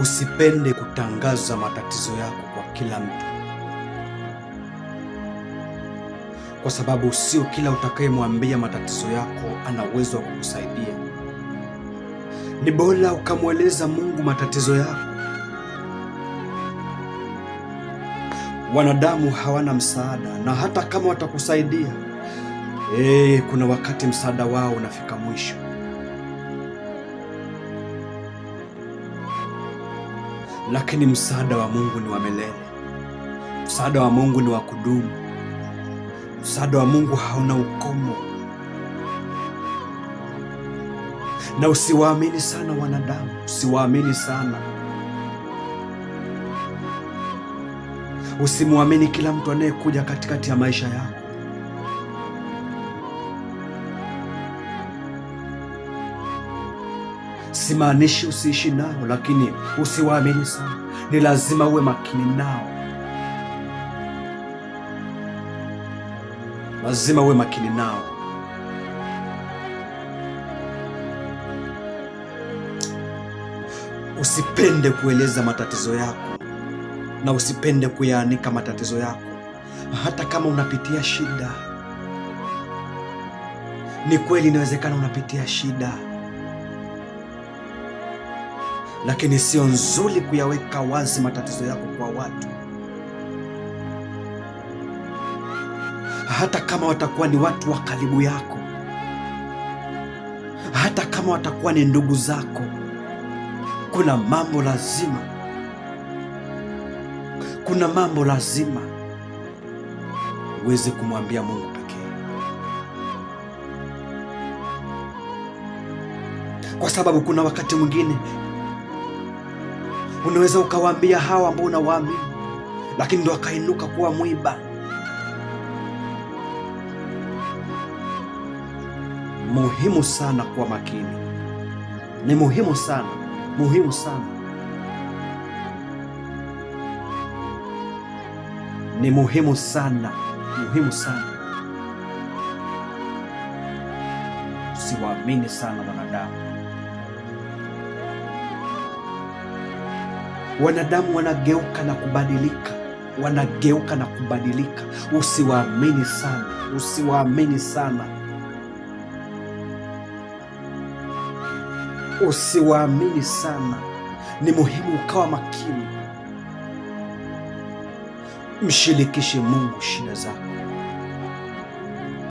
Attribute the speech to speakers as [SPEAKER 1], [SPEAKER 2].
[SPEAKER 1] Usipende kutangaza matatizo yako kwa kila mtu, kwa sababu sio kila utakayemwambia matatizo yako ana uwezo wa kukusaidia. Ni bora ukamweleza Mungu matatizo yako. Wanadamu hawana msaada, na hata kama watakusaidia, eh, kuna wakati msaada wao unafika mwisho. lakini msaada wa Mungu ni wa milele. Msaada wa Mungu ni wa kudumu. Msaada wa Mungu hauna ukomo, na usiwaamini sana wanadamu, usiwaamini sana, usimwamini kila mtu anayekuja katikati ya maisha yako. Simaanishi usiishi nao, lakini usiwaamini sana. Ni lazima uwe makini nao, lazima uwe makini nao. Usipende kueleza matatizo yako na usipende kuyaanika matatizo yako, hata kama unapitia shida. Ni kweli inawezekana unapitia shida lakini sio nzuri kuyaweka wazi matatizo yako kwa watu, hata kama watakuwa ni watu wa karibu yako, hata kama watakuwa ni ndugu zako. Kuna mambo lazima, kuna mambo lazima uweze kumwambia Mungu pekee, kwa sababu kuna wakati mwingine Unaweza ukawaambia hawa ambao unawaamini, lakini ndo akainuka kuwa mwiba. Muhimu sana kuwa makini, ni muhimu sana, muhimu sana, ni muhimu sana, muhimu sana. Siwaamini sana wanadamu. Wanadamu wanageuka na kubadilika, wanageuka na kubadilika. Usiwaamini sana, usiwaamini sana, usiwaamini sana. Ni muhimu ukawa makini. Mshirikishe Mungu shida zako.